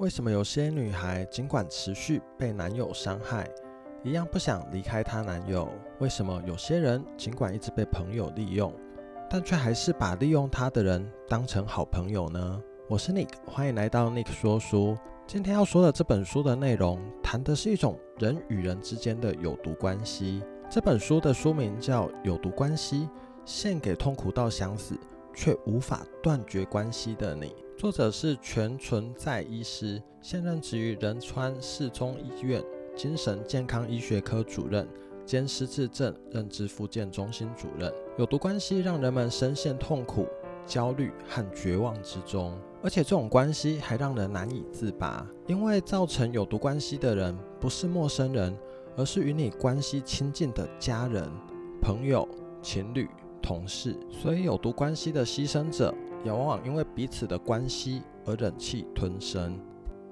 為什麼有些女孩儘管持續被男友傷害，一樣不想離開她男友？為什麼有些人儘管一直被朋友利用，但卻還是把利用她的人當成好朋友呢？我是 Nick，歡迎來到 Nick 說書。今天要說的這本書的內容，談的是一種人與人之間的有毒關係。這本書的書名叫《有毒關係》，獻給痛苦到想死，卻無法斷絕關係的你。作者是全存在醫師，現任職於仁川市中醫院精神健康醫學科主任，兼失智症認知復健中心主任。有毒關係讓人們深陷痛苦、焦慮和絕望之中，而且這種關係還讓人難以自拔，因為造成有毒關係的人不是陌生人，而是與你關係親近的家人、朋友、情侶、同事。所以有毒關係的犧牲者，也往往因為彼此的關係而忍氣吞聲，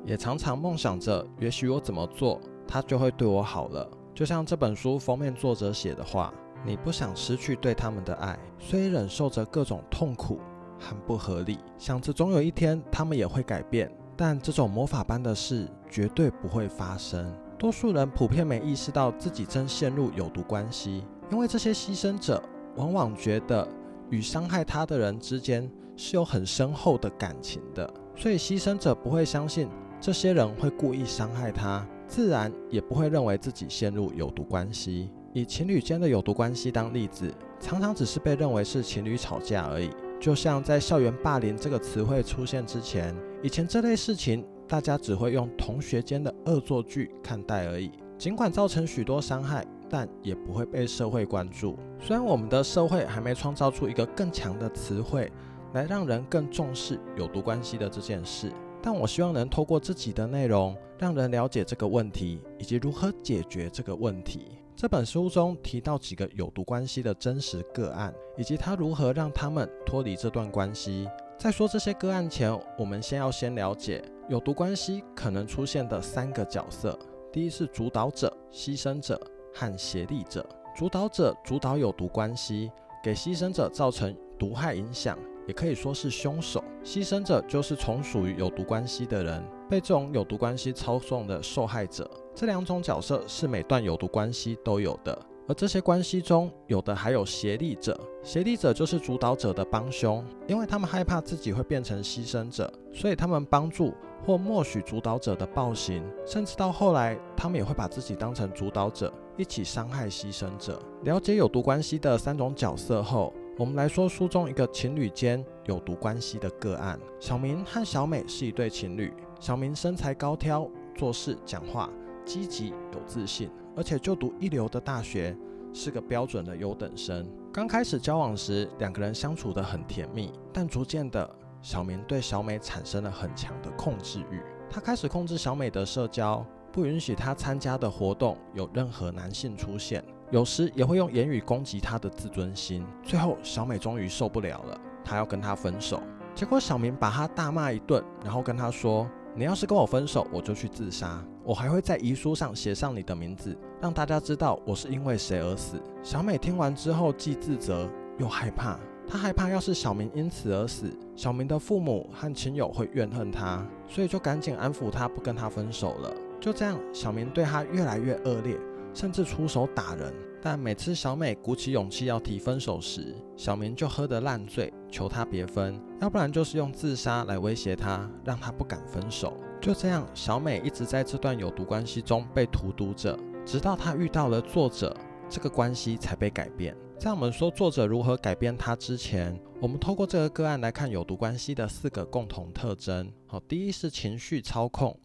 也常常夢想着，也許我怎麼做，他就會對我好了。就像這本書封面作者寫的話：“你不想失去對他們的愛，所以忍受着各種痛苦，很不合理。想着總有一天他們也會改變，但這種魔法般的事絕對不會發生。”多數人普遍沒意識到自己正陷入有毒關係，因為這些犧牲者往往覺得與傷害他的人之間……是有很深厚的感情的，所以犧牲者不會相信這些人會故意傷害他，自然也不會認為自己陷入有毒關係。以情侶間的有毒關係當例子，常常只是被認為是情侶吵架而已。就像在校園霸凌這個詞彙出現之前，以前這類事情大家只會用同學間的惡作劇看待而已。儘管造成許多傷害，但也不會被社會關注。雖然我們的社會還沒創造出一個更強的詞彙。來讓人更重視有毒關係的這件事，但我希望能透過自己的內容，讓人了解這個問題以及如何解決這個問題。這本書中提到幾個有毒關係的真實個案，以及他如何讓他們脫離這段關係。在說這些個案前，我們先要先了解有毒關係可能出現的三個角色：第一是主導者、犧牲者和協力者。主導者主導有毒關係，給犧牲者造成毒害影響。也可以說是兇手，犧牲者就是從屬於有毒關係的人，被這種有毒關係操縱的受害者。這兩種角色是每段有毒關係都有的，而這些關係中有的還有協力者。協力者就是主導者的幫兇，因為他們害怕自己會變成犧牲者，所以他們幫助或默許主導者的暴行，甚至到後來他們也會把自己當成主導者，一起傷害犧牲者。了解有毒關係的三種角色後，我們來說書中一個情侶間有毒關係的個案。小明和小美是一對情侶。小明身材高挑，做事、講話積極有自信，而且就讀一流的大學，是個標準的優等生。剛開始交往時，兩個人相處得很甜蜜。但逐漸的，小明對小美產生了很強的控制欲。他開始控制小美的社交，不允許她參加的活動有任何男性出現。有時也會用言語攻擊她的自尊心，最後小美終於受不了了，她要跟他分手。結果小明把她大罵一頓，然後跟她說：“你要是跟我分手，我就去自殺，我還會在遺書上寫上你的名字，讓大家知道我是因為誰而死。”小美聽完之後既自責又害怕，她害怕要是小明因此而死，小明的父母和親友會怨恨她，所以就趕緊安撫她，不跟他分手了。就這樣，小明對她越來越惡劣。甚至出手打人，但每次小美鼓起勇氣要提分手時，小明就喝得爛醉，求她別分，要不然就是用自殺來威脅她，讓她不敢分手。就這樣，小美一直在這段有毒關係中被荼毒着，直到她遇到了作者，這個關係才被改變。在我們說作者如何改變她之前，我們透過這個個案來看有毒關係的四個共同特徵。好，第一是情緒操控，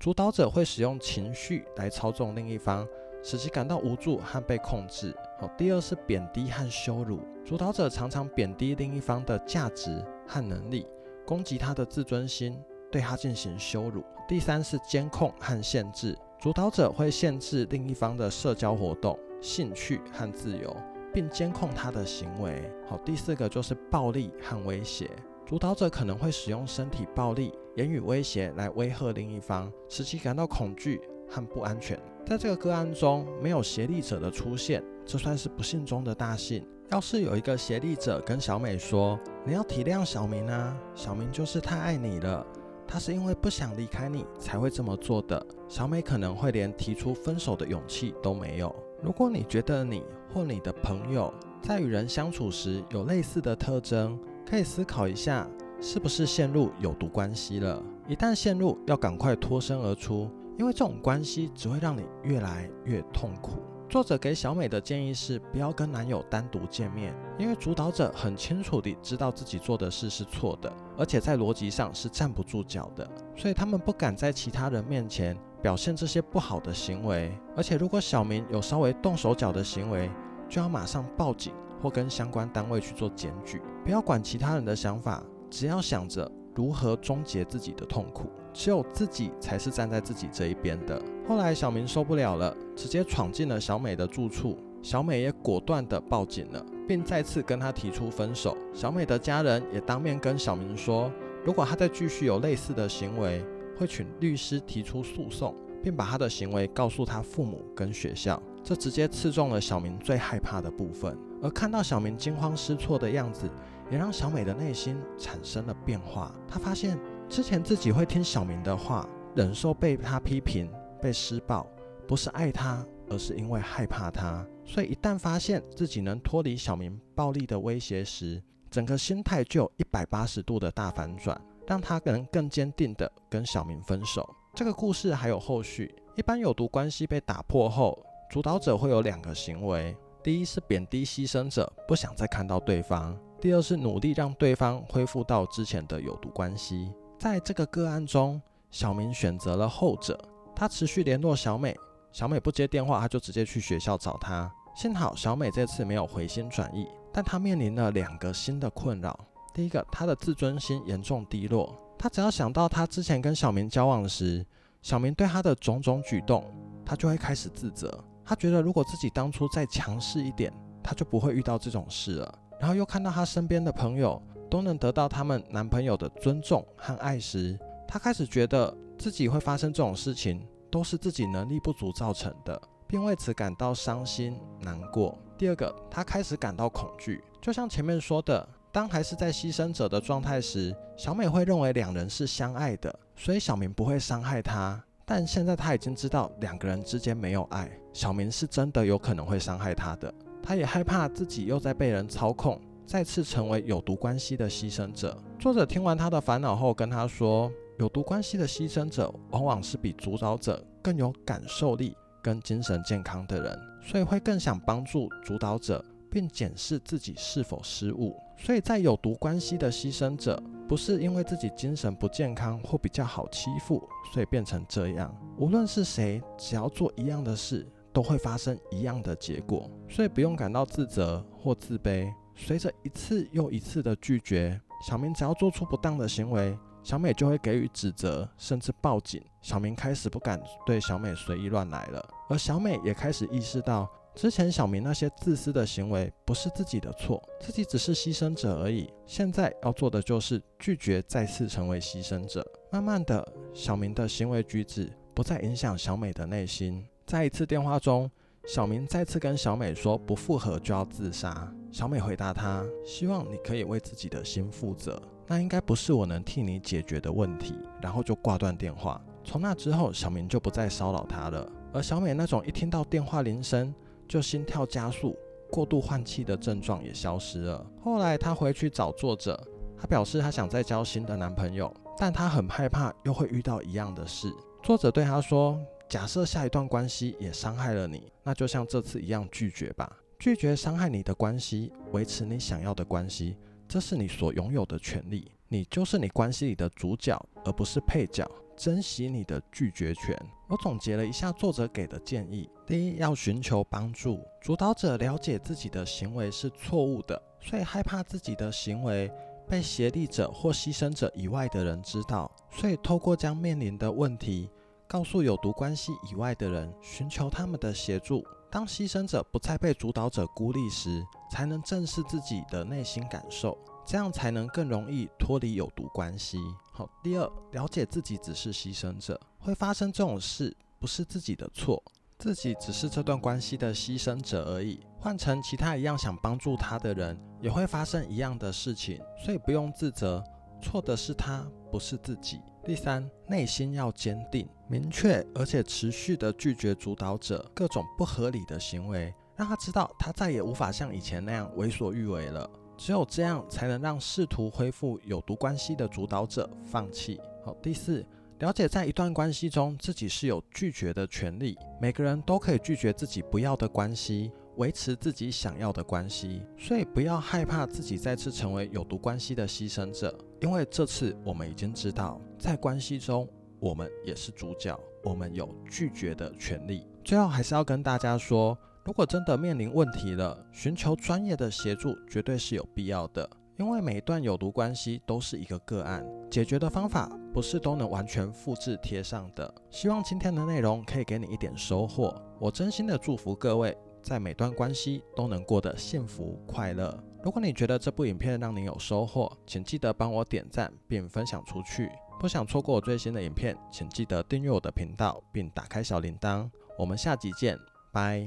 主導者會使用情緒來操縱另一方。使其感到無助和被控制。好，第二是貶低和羞辱，主導者常常貶低另一方的價值和能力，攻擊他的自尊心，對他進行羞辱。第三是監控和限制，主導者會限制另一方的社交活動、興趣和自由，並監控他的行為。好，第四個就是暴力和威脅，主導者可能會使用身體暴力、言語威脅來威嚇另一方，使其感到恐懼。和不安全，在這個個案中沒有協力者的出現，這算是不幸中的大幸。要是有一個協力者跟小美說：“你要體諒小明啊，小明就是太愛你了，他是因為不想離開你才會這麼做的。”小美可能會連提出分手的勇氣都沒有。如果你覺得你或你的朋友在與人相處時有類似的特徵，可以思考一下，是不是陷入有毒關係了？一旦陷入，要趕快脫身而出。因為這種關係只會讓你越來越痛苦。作者給小美的建議是：不要跟男友單獨見面，因為主導者很清楚地知道自己做的事是錯的，而且在邏輯上是站不住腳的，所以他們不敢在其他人面前表現這些不好的行為。而且，如果小明有稍微動手腳的行為，就要馬上報警或跟相關單位去做檢舉，不要管其他人的想法，只要想着。如何終結自己的痛苦？只有自己才是站在自己這一邊的。後來，小明受不了了，直接闖進了小美的住處。小美也果斷地報警了，並再次跟他提出分手。小美的家人也當面跟小明說，如果他再繼續有類似的行為，會請律師提出訴訟，並把他的行為告訴他父母跟學校。這直接刺中了小明最害怕的部分。而看到小明驚慌失措的樣子。也讓小美的內心產生了變化。她發現之前自己會聽小明的話，忍受被他批評、被施暴，不是愛他，而是因為害怕他。所以一旦發現自己能脫離小明暴力的威脅時，整個心態就有一百八十度的大反轉，讓他能更堅定地跟小明分手。這個故事還有後續。一般有毒關係被打破後，主導者會有兩個行為：第一是貶低犧牲者，不想再看到對方。第二是努力讓對方恢復到之前的有毒關係。在這個個案中，小明選擇了後者。他持續聯絡小美，小美不接電話，他就直接去學校找她。幸好小美這次沒有回心轉意，但她面臨了兩個新的困擾。第一個，她的自尊心嚴重低落。她只要想到她之前跟小明交往時，小明對她的種種舉動，她就會開始自責。她覺得如果自己當初再強勢一點，她就不會遇到這種事了。然後又看到她身邊的朋友都能得到他們男朋友的尊重和愛時，她開始覺得自己會發生這種事情都是自己能力不足造成的，並為此感到傷心難過。第二個，她開始感到恐懼，就像前面說的，當還是在犧牲者的狀態時，小美會認為兩人是相愛的，所以小明不會傷害她。但現在她已經知道兩個人之間沒有愛，小明是真的有可能會傷害她的。他也害怕自己又在被人操控，再次成為有毒關係的犧牲者。作者聽完他的煩惱後，跟他說：“有毒關係的犧牲者往往是比主導者更有感受力跟精神健康的人，所以會更想幫助主導者，並檢視自己是否失誤。所以在有毒關係的犧牲者，不是因為自己精神不健康或比較好欺負，所以變成這樣。無論是誰，只要做一樣的事。”都會發生一樣的結果，所以不用感到自責或自卑。隨着一次又一次的拒絕，小明只要做出不當的行為，小美就會給予指責，甚至報警。小明開始不敢對小美隨意亂來了，而小美也開始意識到，之前小明那些自私的行為不是自己的錯，自己只是犧牲者而已。現在要做的就是拒絕再次成為犧牲者。慢慢的，小明的行為舉止不再影響小美的內心。在一次電話中，小明再次跟小美說：“不復合就要自殺。”小美回答他：“希望你可以為自己的心負責，那應該不是我能替你解決的問題。”然後就掛斷電話。從那之後，小明就不再騷擾她了。而小美那種一聽到電話鈴聲就心跳加速、過度換氣的症狀也消失了。後來，她回去找作者，她表示她想再交新的男朋友，但她很害怕又會遇到一樣的事。作者對她說：假設下一段關係也傷害了你，那就像這次一樣拒絕吧。拒絕傷害你的關係，維持你想要的關係，這是你所擁有的權利。你就是你關係裡的主角，而不是配角。珍惜你的拒絕權。我總結了一下作者給的建議：第一，要尋求幫助；主導者了解自己的行為是錯誤的，所以害怕自己的行為被協力者或犧牲者以外的人知道，所以透過將面臨的問題。告訴有毒關係以外的人，尋求他們的協助。當犧牲者不再被主導者孤立時，才能正視自己的內心感受，這樣才能更容易脫離有毒關係。好，第二，了解自己只是犧牲者，會發生這種事不是自己的錯，自己只是這段關係的犧牲者而已。換成其他一樣想幫助他的人，也會發生一樣的事情，所以不用自責。錯的是他，不是自己。第三，內心要堅定、明確，而且持續的拒絕主導者各種不合理的行為，讓他知道他再也無法像以前那樣為所欲為了。只有這樣才能讓試圖恢復有毒關係的主導者放棄。好，第四，了解在一段關係中自己是有拒絕的權利，每個人都可以拒絕自己不要的關係，維持自己想要的關係。所以不要害怕自己再次成為有毒關係的犧牲者。因為這次我們已經知道，在關係中我們也是主角，我們有拒絕的權利。最後還是要跟大家說，如果真的面臨問題了，尋求專業的協助絕對是有必要的。因為每一段有毒關係都是一個個案，解決的方法不是都能完全複製貼上的。希望今天的內容可以給你一點收穫。我真心的祝福各位，在每段關係都能過得幸福快樂。如果你覺得這部影片讓你有收穫，請記得幫我點讚並分享出去。不想錯過我最新的影片，請記得訂閱我的頻道並打開小鈴鐺。我們下集見，拜。